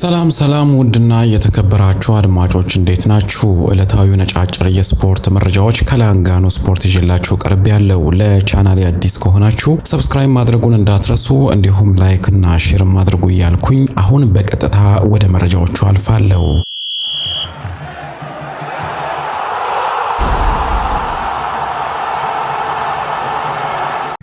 ሰላም ሰላም ውድና የተከበራችሁ አድማጮች እንዴት ናችሁ? ዕለታዊ ነጫጭር የስፖርት መረጃዎች ከላንጋኖ ስፖርት ይዤላችሁ ቀርብ ያለው። ለቻናል አዲስ ከሆናችሁ ሰብስክራይብ ማድረጉን እንዳትረሱ፣ እንዲሁም ላይክና ሼር ማድረጉ እያልኩኝ አሁን በቀጥታ ወደ መረጃዎቹ አልፋለሁ።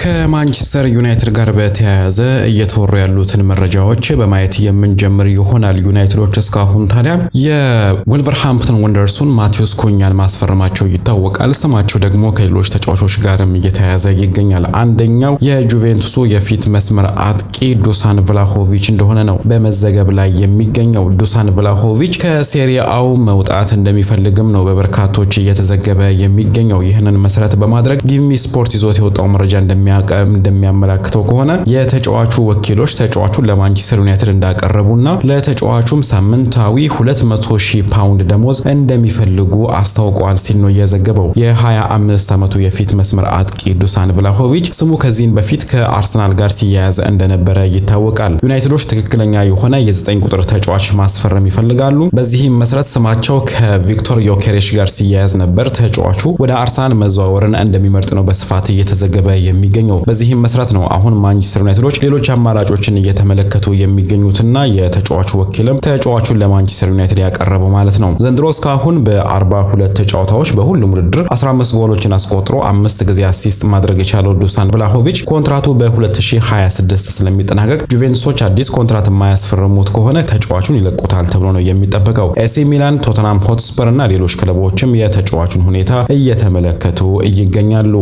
ከማንቸስተር ዩናይትድ ጋር በተያያዘ እየተወሩ ያሉትን መረጃዎች በማየት የምንጀምር ይሆናል። ዩናይትዶች እስካሁን ታዲያ የወልቨርሃምፕተን ወንደርሱን ማቴዎስ ኩኛን ማስፈረማቸው ይታወቃል። ስማቸው ደግሞ ከሌሎች ተጫዋቾች ጋርም እየተያያዘ ይገኛል። አንደኛው የጁቬንቱሱ የፊት መስመር አጥቂ ዱሳን ቭላሆቪች እንደሆነ ነው በመዘገብ ላይ የሚገኘው። ዱሳን ቭላሆቪች ከሴሪአው መውጣት እንደሚፈልግም ነው በበርካቶች እየተዘገበ የሚገኘው። ይህንን መሰረት በማድረግ ጊሚ ስፖርት ይዞት የወጣው መረጃ እንደሚያ እንደሚያመላክተው ከሆነ የተጫዋቹ ወኪሎች ተጫዋቹን ለማንቸስተር ዩናይትድ እንዳቀረቡና ለተጫዋቹም ሳምንታዊ 200 ሺህ ፓውንድ ደሞዝ እንደሚፈልጉ አስታውቀዋል ሲል ነው የዘገበው። የ25 ዓመቱ የፊት መስመር አጥቂ ዱሳን ቭላሆቪች ስሙ ከዚህን በፊት ከአርሰናል ጋር ሲያያዝ እንደነበረ ይታወቃል። ዩናይትዶች ትክክለኛ የሆነ የ9 ቁጥር ተጫዋች ማስፈረም ይፈልጋሉ። በዚህም መሰረት ስማቸው ከቪክቶር ዮኬሬሽ ጋር ሲያያዝ ነበር። ተጫዋቹ ወደ አርሰናል መዘዋወርን እንደሚመርጥ ነው በስፋት እየተዘገበ የሚገኝ የሚገኘው። በዚህም መስራት ነው አሁን ማንቸስተር ዩናይትዶች ሌሎች አማራጮችን እየተመለከቱ የሚገኙትና የተጫዋቹ ወኪልም ተጫዋቹን ለማንቸስተር ዩናይትድ ያቀረበው ማለት ነው። ዘንድሮ እስካሁን በ42 ጨዋታዎች በሁሉም ውድድር 15 ጎሎችን አስቆጥሮ አምስት ጊዜ አሲስት ማድረግ የቻለው ዱሳን ቭላሆቪች ኮንትራቱ በ2026 ስለሚጠናቀቅ ጁቬንቱሶች አዲስ ኮንትራት የማያስፈርሙት ከሆነ ተጫዋቹን ይለቁታል ተብሎ ነው የሚጠበቀው። ኤሲ ሚላን፣ ቶተናም ሆትስፐር እና ሌሎች ክለቦችም የተጫዋቹን ሁኔታ እየተመለከቱ ይገኛሉ።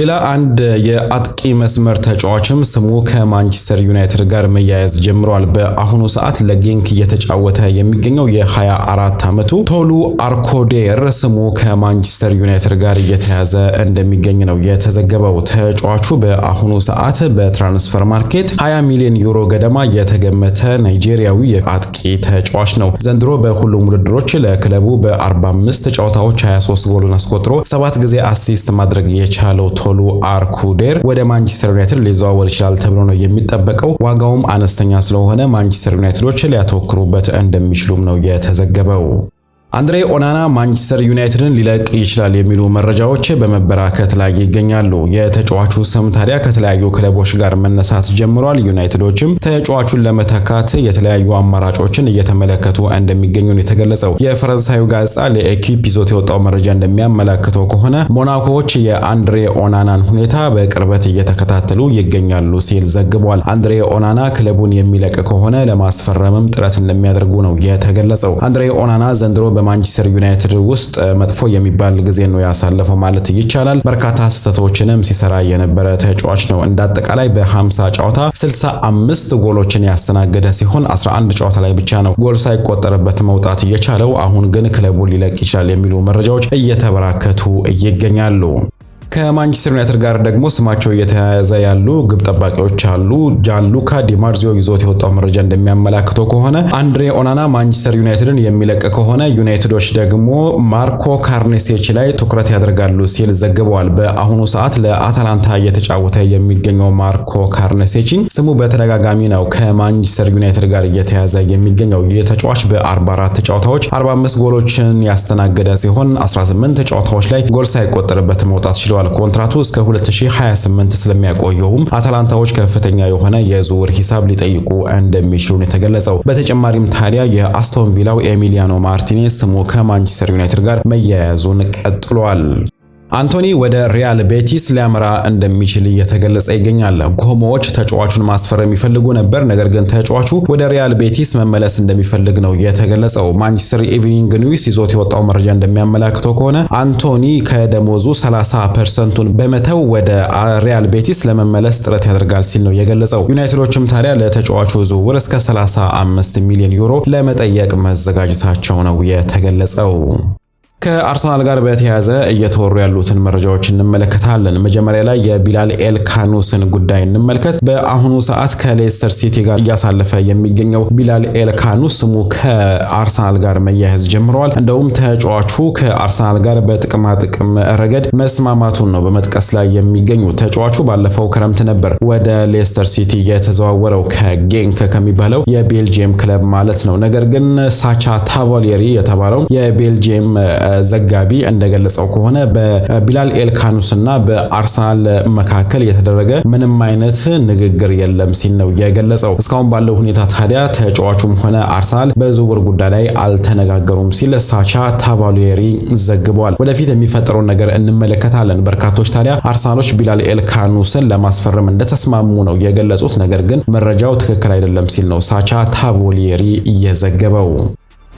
ሌላ አንድ የአጥቂ መስመር ተጫዋችም ስሙ ከማንቸስተር ዩናይትድ ጋር መያያዝ ጀምሯል። በአሁኑ ሰዓት ለጌንክ እየተጫወተ የሚገኘው የ24 ዓመቱ ቶሉ አርኮዴር ስሙ ከማንቸስተር ዩናይትድ ጋር እየተያዘ እንደሚገኝ ነው የተዘገበው። ተጫዋቹ በአሁኑ ሰዓት በትራንስፈር ማርኬት 20 ሚሊዮን ዩሮ ገደማ የተገመተ ናይጄሪያዊ የአጥቂ ተጫዋች ነው። ዘንድሮ በሁሉም ውድድሮች ለክለቡ በ45 ጨዋታዎች 23 ጎልን አስቆጥሮ ሰባት ጊዜ አሲስት ማድረግ የቻለው ቶሉ አርኩዴር ወደ ማንቸስተር ዩናይትድ ሊዘዋወር ይችላል ተብሎ ነው የሚጠበቀው። ዋጋውም አነስተኛ ስለሆነ ማንቸስተር ዩናይትዶች ሊያተወክሩበት እንደሚችሉም ነው የተዘገበው። አንድሬ ኦናና ማንቸስተር ዩናይትድን ሊለቅ ይችላል የሚሉ መረጃዎች በመበራከት ላይ ይገኛሉ። የተጫዋቹ ስም ታዲያ ከተለያዩ ክለቦች ጋር መነሳት ጀምሯል። ዩናይትዶችም ተጫዋቹን ለመተካት የተለያዩ አማራጮችን እየተመለከቱ እንደሚገኙ ነው የተገለጸው። የፈረንሳዩ ጋዜጣ ለኤኪፕ ይዞት የወጣው መረጃ እንደሚያመላክተው ከሆነ ሞናኮዎች የአንድሬ ኦናናን ሁኔታ በቅርበት እየተከታተሉ ይገኛሉ ሲል ዘግቧል። አንድሬ ኦናና ክለቡን የሚለቅ ከሆነ ለማስፈረምም ጥረት እንደሚያደርጉ ነው የተገለጸው። አንድሬ ኦናና ዘንድሮ በማንቸስተር ዩናይትድ ውስጥ መጥፎ የሚባል ጊዜ ነው ያሳለፈው ማለት ይቻላል። በርካታ ስህተቶችንም ሲሰራ የነበረ ተጫዋች ነው። እንደ አጠቃላይ በ50 ጨዋታ 65 ጎሎችን ያስተናገደ ሲሆን 11 ጨዋታ ላይ ብቻ ነው ጎል ሳይቆጠርበት መውጣት የቻለው። አሁን ግን ክለቡ ሊለቅ ይችላል የሚሉ መረጃዎች እየተበራከቱ ይገኛሉ። ከማንቸስተር ዩናይትድ ጋር ደግሞ ስማቸው እየተያያዘ ያሉ ግብ ጠባቂዎች አሉ። ጃንሉካ ዲማርዚዮ ይዞት የወጣው መረጃ እንደሚያመላክተው ከሆነ አንድሬ ኦናና ማንቸስተር ዩናይትድን የሚለቅ ከሆነ ዩናይትዶች ደግሞ ማርኮ ካርኔሴች ላይ ትኩረት ያደርጋሉ ሲል ዘግበዋል። በአሁኑ ሰዓት ለአታላንታ እየተጫወተ የሚገኘው ማርኮ ካርኔሴችን ስሙ በተደጋጋሚ ነው ከማንቸስተር ዩናይትድ ጋር እየተያዘ የሚገኘው። የተጫዋች በ44 ተጫዋታዎች 45 ጎሎችን ያስተናገደ ሲሆን 18 ተጫዋታዎች ላይ ጎል ሳይቆጠርበት መውጣት ችሏል። ተሰጥቷል። ኮንትራቱ እስከ 2028 ስለሚያቆየውም አታላንታዎች ከፍተኛ የሆነ የዝውውር ሂሳብ ሊጠይቁ እንደሚችሉ ነው የተገለጸው። በተጨማሪም ታዲያ የአስቶን ቪላው ኤሚሊያኖ ማርቲኔስ ስሙ ከማንቸስተር ዩናይትድ ጋር መያያዙን ቀጥሏል። አንቶኒ ወደ ሪያል ቤቲስ ሊያመራ እንደሚችል እየተገለጸ ይገኛል። ኮሞዎች ተጫዋቹን ማስፈር የሚፈልጉ ነበር፣ ነገር ግን ተጫዋቹ ወደ ሪያል ቤቲስ መመለስ እንደሚፈልግ ነው የተገለጸው። ማንቸስተር ኢቪኒንግ ኒውስ ይዞት የወጣው መረጃ እንደሚያመላክተው ከሆነ አንቶኒ ከደሞዙ 30 ፐርሰንቱን በመተው ወደ ሪያል ቤቲስ ለመመለስ ጥረት ያደርጋል ሲል ነው የገለጸው። ዩናይትዶችም ታዲያ ለተጫዋቹ ዝውውር እስከ 35 ሚሊዮን ዩሮ ለመጠየቅ መዘጋጀታቸው ነው የተገለጸው። ከአርሰናል ጋር በተያያዘ እየተወሩ ያሉትን መረጃዎች እንመለከታለን። መጀመሪያ ላይ የቢላል ኤል ካኑስን ጉዳይ እንመልከት። በአሁኑ ሰዓት ከሌስተር ሲቲ ጋር እያሳለፈ የሚገኘው ቢላል ኤል ካኑስ ስሙ ከአርሰናል ጋር መያያዝ ጀምረዋል። እንደውም ተጫዋቹ ከአርሰናል ጋር በጥቅማ ጥቅም ረገድ መስማማቱን ነው በመጥቀስ ላይ የሚገኙ። ተጫዋቹ ባለፈው ክረምት ነበር ወደ ሌስተር ሲቲ የተዘዋወረው ከጌንክ ከሚባለው የቤልጅየም ክለብ ማለት ነው። ነገር ግን ሳቻ ታቫሌሪ የተባለው የቤልጅየም ዘጋቢ እንደገለጸው ከሆነ በቢላል ኤልካኑስ እና በአርሰናል መካከል የተደረገ ምንም አይነት ንግግር የለም ሲል ነው የገለጸው። እስካሁን ባለው ሁኔታ ታዲያ ተጫዋቹም ሆነ አርሰናል በዝውውር ጉዳይ ላይ አልተነጋገሩም ሲል ሳቻ ታቫሉየሪ ዘግቧል። ወደፊት የሚፈጠረውን ነገር እንመለከታለን። በርካቶች ታዲያ አርሰናሎች ቢላል ኤልካኑስን ለማስፈረም እንደተስማሙ ነው የገለጹት። ነገር ግን መረጃው ትክክል አይደለም ሲል ነው ሳቻ ታቮሊየሪ እየዘገበው።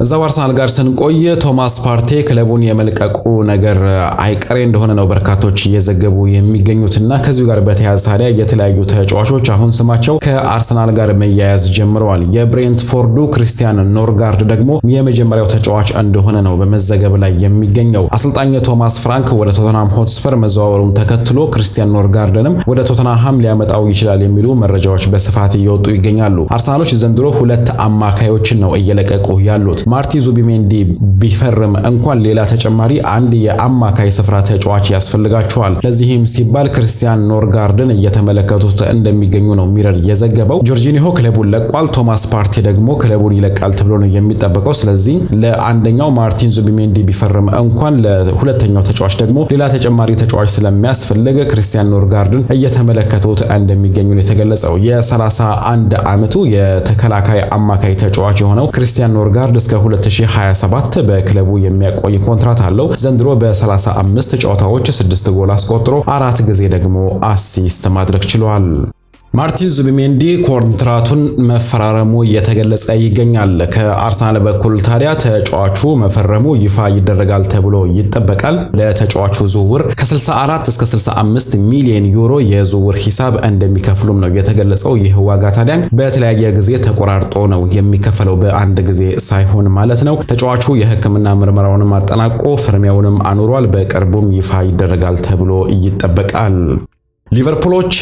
እዛው አርሰናል ጋር ስንቆየ ቶማስ ፓርቴ ክለቡን የመልቀቁ ነገር አይቀሬ እንደሆነ ነው በርካቶች እየዘገቡ የሚገኙትና ከዚሁ ጋር በተያያዘ ታዲያ የተለያዩ ተጫዋቾች አሁን ስማቸው ከአርሰናል ጋር መያያዝ ጀምረዋል። የብሬንትፎርዱ ክሪስቲያን ኖርጋርድ ደግሞ የመጀመሪያው ተጫዋች እንደሆነ ነው በመዘገብ ላይ የሚገኘው። አሰልጣኝ ቶማስ ፍራንክ ወደ ቶተናም ሆትስፐር መዘዋወሩን ተከትሎ ክርስቲያን ኖርጋርድንም ወደ ቶተንሃም ሊያመጣው ይችላል የሚሉ መረጃዎች በስፋት እየወጡ ይገኛሉ። አርሰናሎች ዘንድሮ ሁለት አማካዮችን ነው እየለቀቁ ያሉት። ማርቲን ዙቢሜንዲ ቢፈርም እንኳን ሌላ ተጨማሪ አንድ የአማካይ ስፍራ ተጫዋች ያስፈልጋቸዋል። ለዚህም ሲባል ክርስቲያን ኖርጋርድን እየተመለከቱት እንደሚገኙ ነው ሚረር የዘገበው። ጆርጂኒሆ ክለቡን ለቋል። ቶማስ ፓርቲ ደግሞ ክለቡን ይለቃል ተብሎ ነው የሚጠበቀው። ስለዚህ ለአንደኛው ማርቲን ዙቢሜንዲ ቢፈርም እንኳን ለሁለተኛው ተጫዋች ደግሞ ሌላ ተጨማሪ ተጫዋች ስለሚያስፈልግ ክርስቲያን ኖርጋርድን እየተመለከቱት እንደሚገኙ ነው የተገለጸው። የ31 ዓመቱ የተከላካይ አማካይ ተጫዋች የሆነው ክርስቲያን ኖርጋርድ እስከ 2027 በክለቡ የሚያቆይ ኮንትራት አለው። ዘንድሮ በ35 ጨዋታዎች 6 ጎል አስቆጥሮ አራት ጊዜ ደግሞ አሲስት ማድረግ ችሏል። ማርቲን ዙቢሜንዲ ኮንትራቱን መፈራረሙ እየተገለጸ ይገኛል። ከአርሰናል በኩል ታዲያ ተጫዋቹ መፈረሙ ይፋ ይደረጋል ተብሎ ይጠበቃል። ለተጫዋቹ ዝውውር ከ64 እስከ 65 ሚሊዮን ዩሮ የዝውውር ሂሳብ እንደሚከፍሉም ነው የተገለጸው። ይህ ዋጋ ታዲያ በተለያየ ጊዜ ተቆራርጦ ነው የሚከፈለው፣ በአንድ ጊዜ ሳይሆን ማለት ነው። ተጫዋቹ የሕክምና ምርመራውንም አጠናቆ ፍርሚያውንም አኑሯል። በቅርቡም ይፋ ይደረጋል ተብሎ ይጠበቃል። ሊቨርፑሎች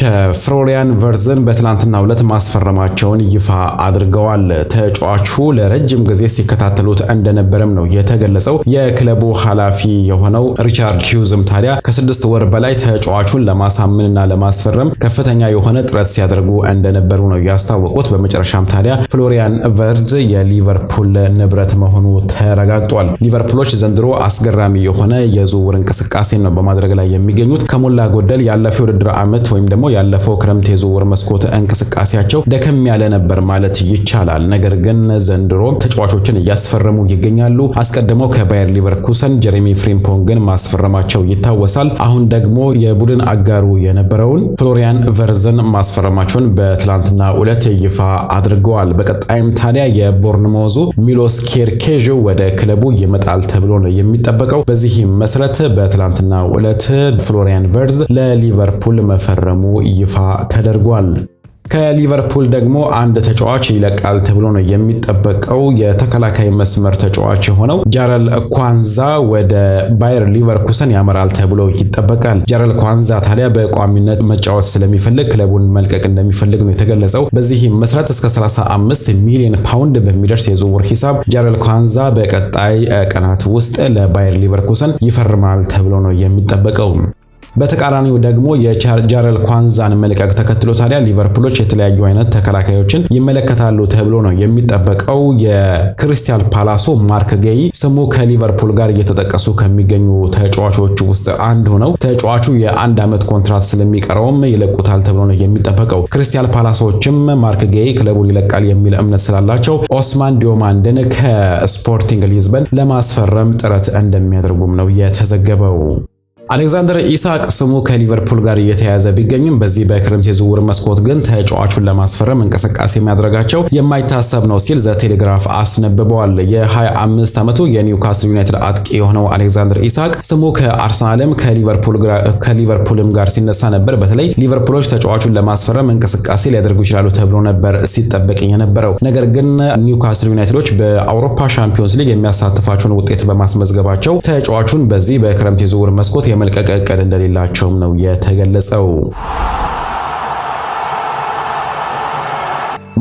ፍሎሪያን ቨርዝን በትናንትናው ዕለት ማስፈረማቸውን ይፋ አድርገዋል። ተጫዋቹ ለረጅም ጊዜ ሲከታተሉት እንደነበረም ነው የተገለጸው። የክለቡ ኃላፊ የሆነው ሪቻርድ ሂውዝም ታዲያ ከስድስት ወር በላይ ተጫዋቹን ለማሳመንና ለማስፈረም ከፍተኛ የሆነ ጥረት ሲያደርጉ እንደነበሩ ነው ያስታወቁት። በመጨረሻም ታዲያ ፍሎሪያን ቨርዝ የሊቨርፑል ንብረት መሆኑ ተረጋግጧል። ሊቨርፑሎች ዘንድሮ አስገራሚ የሆነ የዝውውር እንቅስቃሴ ነው በማድረግ ላይ የሚገኙት። ከሞላ ጎደል ያለፈው ውድድር ዓመት ወይም ደግሞ ያለፈው ክረምት የዝውውር መስኮት እንቅስቃሴያቸው ደከም ያለ ነበር ማለት ይቻላል። ነገር ግን ዘንድሮ ተጫዋቾችን እያስፈረሙ ይገኛሉ። አስቀድሞ ከባየር ሊቨርኩሰን ጀሬሚ ፍሪምፖንግን ማስፈረማቸው ይታወሳል። አሁን ደግሞ የቡድን አጋሩ የነበረውን ፍሎሪያን ቨርዝን ማስፈረማቸውን በትላንትና ዕለት ይፋ አድርገዋል። በቀጣይም ታዲያ የቦርንሞዙ ሚሎስ ኬርኬዥ ወደ ክለቡ ይመጣል ተብሎ ነው የሚጠበቀው። በዚህም መሰረት በትላንትና ዕለት ፍሎሪያን ቨርዝ ለሊቨርፑል መፈረሙ ይፋ ተደርጓል። ከሊቨርፑል ደግሞ አንድ ተጫዋች ይለቃል ተብሎ ነው የሚጠበቀው። የተከላካይ መስመር ተጫዋች የሆነው ጃረል ኳንዛ ወደ ባየር ሊቨርኩሰን ያመራል ተብሎ ይጠበቃል። ጃረል ኳንዛ ታዲያ በቋሚነት መጫወት ስለሚፈልግ ክለቡን መልቀቅ እንደሚፈልግ ነው የተገለጸው። በዚህ መሰረት እስከ 35 ሚሊዮን ፓውንድ በሚደርስ የዝውውር ሂሳብ ጃረል ኳንዛ በቀጣይ ቀናት ውስጥ ለባየር ሊቨርኩሰን ይፈርማል ተብሎ ነው የሚጠበቀው። በተቃራኒው ደግሞ የጃረል ኳንዛን መልቀቅ ተከትሎ ታዲያ ሊቨርፑሎች የተለያዩ አይነት ተከላካዮችን ይመለከታሉ ተብሎ ነው የሚጠበቀው። የክሪስታል ፓላሶ ማርክ ጌይ ስሙ ከሊቨርፑል ጋር እየተጠቀሱ ከሚገኙ ተጫዋቾቹ ውስጥ አንዱ ነው። ተጫዋቹ የአንድ ዓመት ኮንትራት ስለሚቀረውም ይለቁታል ተብሎ ነው የሚጠበቀው። ክሪስታል ፓላሶችም ማርክ ጌይ ክለቡን ይለቃል የሚል እምነት ስላላቸው ኦስማን ዲዮማንድን ከስፖርቲንግ ሊዝበን ለማስፈረም ጥረት እንደሚያደርጉም ነው የተዘገበው። አሌክዛንደር ኢሳቅ ስሙ ከሊቨርፑል ጋር እየተያያዘ ቢገኝም በዚህ በክረምት የዝውውር መስኮት ግን ተጫዋቹን ለማስፈረም እንቅስቃሴ ማድረጋቸው የማይታሰብ ነው ሲል ዘ ቴሌግራፍ አስነብበዋል። የ25 ዓመቱ የኒውካስል ዩናይትድ አጥቂ የሆነው አሌክዛንደር ኢሳቅ ስሙ ከአርሰናልም ከሊቨርፑልም ጋር ሲነሳ ነበር። በተለይ ሊቨርፑሎች ተጫዋቹን ለማስፈረም እንቅስቃሴ ሊያደርጉ ይችላሉ ተብሎ ነበር ሲጠበቅ የነበረው። ነገር ግን ኒውካስል ዩናይትዶች በአውሮፓ ሻምፒዮንስ ሊግ የሚያሳትፋቸውን ውጤት በማስመዝገባቸው ተጫዋቹን በዚህ በክረምት የዝውውር መስኮት የመልቀቅ እቅድ እንደሌላቸውም ነው የተገለጸው።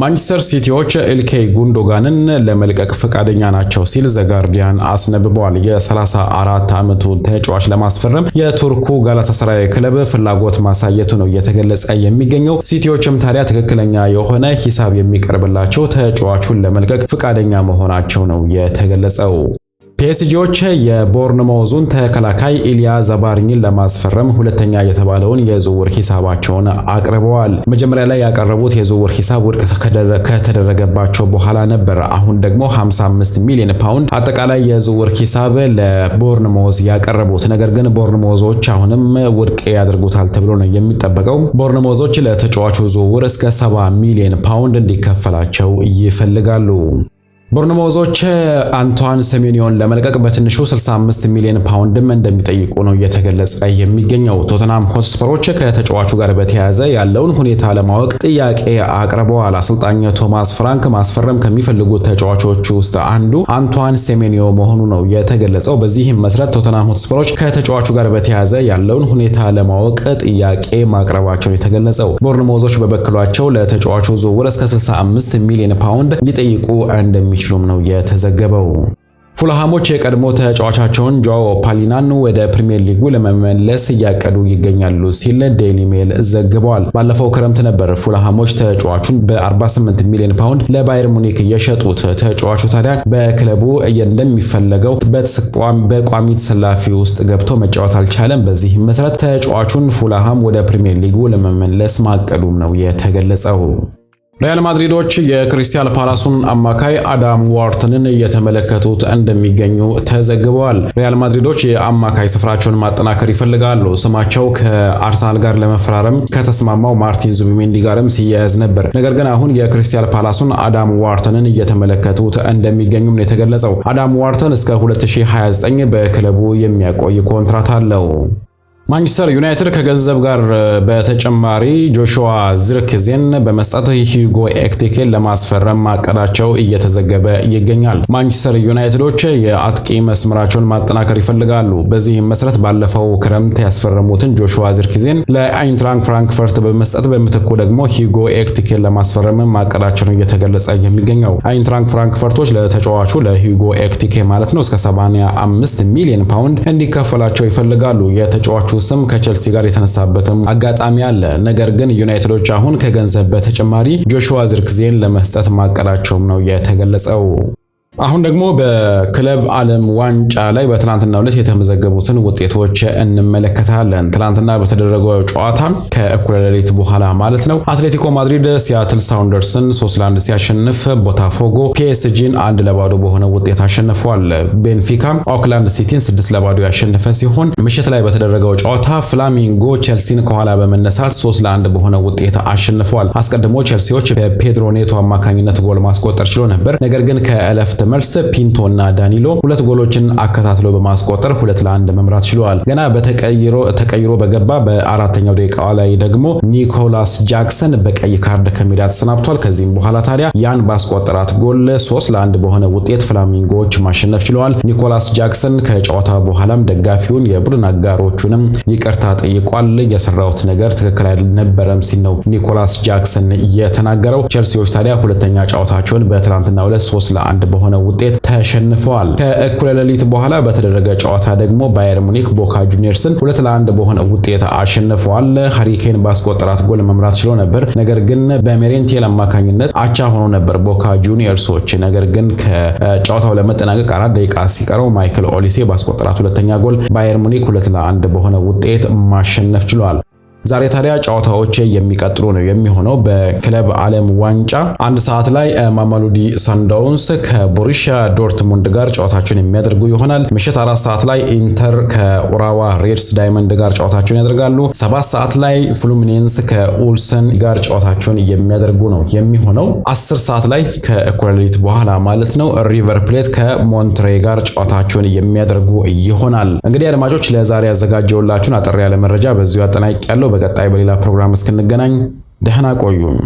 ማንቸስተር ሲቲዎች ኤልኬ ጉንዶጋንን ለመልቀቅ ፈቃደኛ ናቸው ሲል ዘጋርዲያን አስነብበዋል የ የ34 ዓመቱን ተጫዋች ለማስፈረም የቱርኩ ጋላታሰራይ ክለብ ፍላጎት ማሳየቱ ነው እየተገለጸ የሚገኘው። ሲቲዎችም ታዲያ ትክክለኛ የሆነ ሂሳብ የሚቀርብላቸው ተጫዋቹን ለመልቀቅ ፈቃደኛ መሆናቸው ነው የተገለጸው። ፒኤስጂዎች የቦርንሞዙን ተከላካይ ኢልያ ዘባርኝን ለማስፈረም ሁለተኛ የተባለውን የዝውውር ሂሳባቸውን አቅርበዋል። መጀመሪያ ላይ ያቀረቡት የዝውውር ሂሳብ ውድቅ ከተደረገባቸው በኋላ ነበር። አሁን ደግሞ 55 ሚሊዮን ፓውንድ አጠቃላይ የዝውውር ሂሳብ ለቦርንሞዝ ያቀረቡት፣ ነገር ግን ቦርንሞዞች አሁንም ውድቅ ያደርጉታል ተብሎ ነው የሚጠበቀው። ቦርንሞዞች ለተጫዋቹ ዝውውር እስከ 70 ሚሊዮን ፓውንድ እንዲከፈላቸው ይፈልጋሉ። ቦርንሞዞች አንቷን ሴሜንዮን ለመልቀቅ በትንሹ 65 ሚሊዮን ፓውንድም እንደሚጠይቁ ነው እየተገለጸ የሚገኘው። ቶተናም ሆትስፐሮች ከተጫዋቹ ጋር በተያያዘ ያለውን ሁኔታ ለማወቅ ጥያቄ አቅርበዋል። አሰልጣኝ ቶማስ ፍራንክ ማስፈረም ከሚፈልጉት ተጫዋቾች ውስጥ አንዱ አንቷን ሴሜኒዮ መሆኑ ነው የተገለጸው። በዚህም መሰረት ቶተናም ሆትስፐሮች ከተጫዋቹ ጋር በተያያዘ ያለውን ሁኔታ ለማወቅ ጥያቄ ማቅረባቸውን የተገለጸው። ቦርንሞዞች በበኩላቸው ለተጫዋቹ ዝውውር እስከ 65 ሚሊዮን ፓውንድ ሊጠይቁ እንደሚ እንደሚችሉም ነው የተዘገበው። ፉልሃሞች የቀድሞ ተጫዋቻቸውን ጆአዎ ፓሊናን ወደ ፕሪሚየር ሊጉ ለመመለስ እያቀዱ ይገኛሉ ሲል ዴይሊ ሜል ዘግበዋል። ባለፈው ክረምት ነበር ፉልሃሞች ተጫዋቹን በ48 ሚሊዮን ፓውንድ ለባየር ሙኒክ የሸጡት። ተጫዋቹ ታዲያ በክለቡ እንደሚፈለገው በቋሚ ተሰላፊ ውስጥ ገብቶ መጫወት አልቻለም። በዚህ መሰረት ተጫዋቹን ፉልሃም ወደ ፕሪሚየር ሊጉ ለመመለስ ማቀዱም ነው የተገለጸው። ሪያል ማድሪዶች የክሪስታል ፓላሱን አማካይ አዳም ዋርተንን እየተመለከቱት እንደሚገኙ ተዘግበዋል። ሪያል ማድሪዶች የአማካይ ስፍራቸውን ማጠናከር ይፈልጋሉ። ስማቸው ከአርሰናል ጋር ለመፈራረም ከተስማማው ማርቲን ዙቢሜንዲ ጋርም ሲያያዝ ነበር። ነገር ግን አሁን የክሪስታል ፓላሱን አዳም ዋርተንን እየተመለከቱት እንደሚገኙም ነው የተገለጸው። አዳም ዋርተን እስከ 2029 በክለቡ የሚያቆይ ኮንትራት አለው። ማንቸስተር ዩናይትድ ከገንዘብ ጋር በተጨማሪ ጆሹዋ ዝርክዜን በመስጠት ሂጎ ኤክቲኬን ለማስፈረም ማቀዳቸው እየተዘገበ ይገኛል። ማንቸስተር ዩናይትዶች የአጥቂ መስመራቸውን ማጠናከር ይፈልጋሉ። በዚህም መሰረት ባለፈው ክረምት ያስፈረሙትን ጆሹዋ ዝርክዜን ለአይንትራንክ ፍራንክፈርት በመስጠት በምትኩ ደግሞ ሂጎ ኤክቲኬን ለማስፈረም ማቀዳቸው እየተገለጸ የሚገኘው። አይንትራንክ ፍራንክፈርቶች ለተጫዋቹ ለሂጎ ኤክቲኬ ማለት ነው እስከ 75 ሚሊዮን ፓውንድ እንዲከፈላቸው ይፈልጋሉ። የተጫዋቹ ስም ከቸልሲ ጋር የተነሳበትም አጋጣሚ አለ። ነገር ግን ዩናይትዶች አሁን ከገንዘብ በተጨማሪ ጆሹዋ ዝርክዜን ለመስጠት ማቀላቸውም ነው የተገለጸው። አሁን ደግሞ በክለብ ዓለም ዋንጫ ላይ በትናንትና ዕለት የተመዘገቡትን ውጤቶች እንመለከታለን። ትናንትና በተደረገው ጨዋታ ከእኩለ ሌሊት በኋላ ማለት ነው አትሌቲኮ ማድሪድ ሲያትል ሳውንደርስን 3 ለ1 ሲያሸንፍ፣ ቦታፎጎ ፒኤስጂን አንድ ለባዶ በሆነ ውጤት አሸንፏል። ቤንፊካ ኦክላንድ ሲቲን 6 ለባዶ ያሸነፈ ሲሆን ምሽት ላይ በተደረገው ጨዋታ ፍላሚንጎ ቼልሲን ከኋላ በመነሳት 3 ለ1 በሆነ ውጤት አሸንፏል። አስቀድሞ ቼልሲዎች በፔድሮ ኔቶ አማካኝነት ጎል ማስቆጠር ችሎ ነበር። ነገር ግን ከእለፍ በሁለት መልስ ፒንቶ እና ዳኒሎ ሁለት ጎሎችን አከታትለው በማስቆጠር ሁለት ለአንድ መምራት ችለዋል። ገና በተቀይሮ ተቀይሮ በገባ በአራተኛው ደቂቃዋ ላይ ደግሞ ኒኮላስ ጃክሰን በቀይ ካርድ ከሜዳ ተሰናብቷል። ከዚህም በኋላ ታዲያ ያን ባስቆጠራት ጎል ሶስት ለአንድ በሆነ ውጤት ፍላሚንጎዎች ማሸነፍ ችለዋል። ኒኮላስ ጃክሰን ከጨዋታ በኋላም ደጋፊውን የቡድን አጋሮቹንም ይቅርታ ጠይቋል። የሰራውት ነገር ትክክል አልነበረም ሲል ነው ኒኮላስ ጃክሰን የተናገረው። ቸልሲዎች ታዲያ ሁለተኛ ጨዋታቸውን በትናንትናው ሁለት ሶስት ለአንድ በሆነ በሆነ ውጤት ተሸንፈዋል። ከእኩለ ሌሊት በኋላ በተደረገ ጨዋታ ደግሞ ባየር ሙኒክ ቦካ ጁኒየርስን ሁለት ለአንድ በሆነ ውጤት አሸንፈዋል። ሀሪኬን ባስቆጠራት ጎል መምራት ችሎ ነበር፣ ነገር ግን በሜሬንቴል አማካኝነት አቻ ሆኖ ነበር ቦካ ጁኒየርሶች። ነገር ግን ከጨዋታው ለመጠናቀቅ አራት ደቂቃ ሲቀረው ማይክል ኦሊሴ ባስቆጠራት ሁለተኛ ጎል ባየር ሙኒክ ሁለት ለአንድ በሆነ ውጤት ማሸነፍ ችሏል። ዛሬ ታዲያ ጨዋታዎች የሚቀጥሉ ነው የሚሆነው። በክለብ ዓለም ዋንጫ አንድ ሰዓት ላይ ማማሉዲ ሰንዳውንስ ከቦሩሻ ዶርትሙንድ ጋር ጨዋታቸውን የሚያደርጉ ይሆናል። ምሽት አራት ሰዓት ላይ ኢንተር ከኡራዋ ሬድስ ዳይመንድ ጋር ጨዋታቸውን ያደርጋሉ። ሰባት ሰዓት ላይ ፍሉሚኔንስ ከኡልሰን ጋር ጨዋታቸውን የሚያደርጉ ነው የሚሆነው። አስር ሰዓት ላይ ከእኩለ ሌሊት በኋላ ማለት ነው ሪቨር ፕሌት ከሞንትሬ ጋር ጨዋታቸውን የሚያደርጉ ይሆናል። እንግዲህ አድማጮች ለዛሬ ያዘጋጀውላችሁን አጠር ያለ መረጃ በዚሁ አጠናቅ ያለው በቀጣይ በሌላ ፕሮግራም እስክንገናኝ ደህና ቆዩም።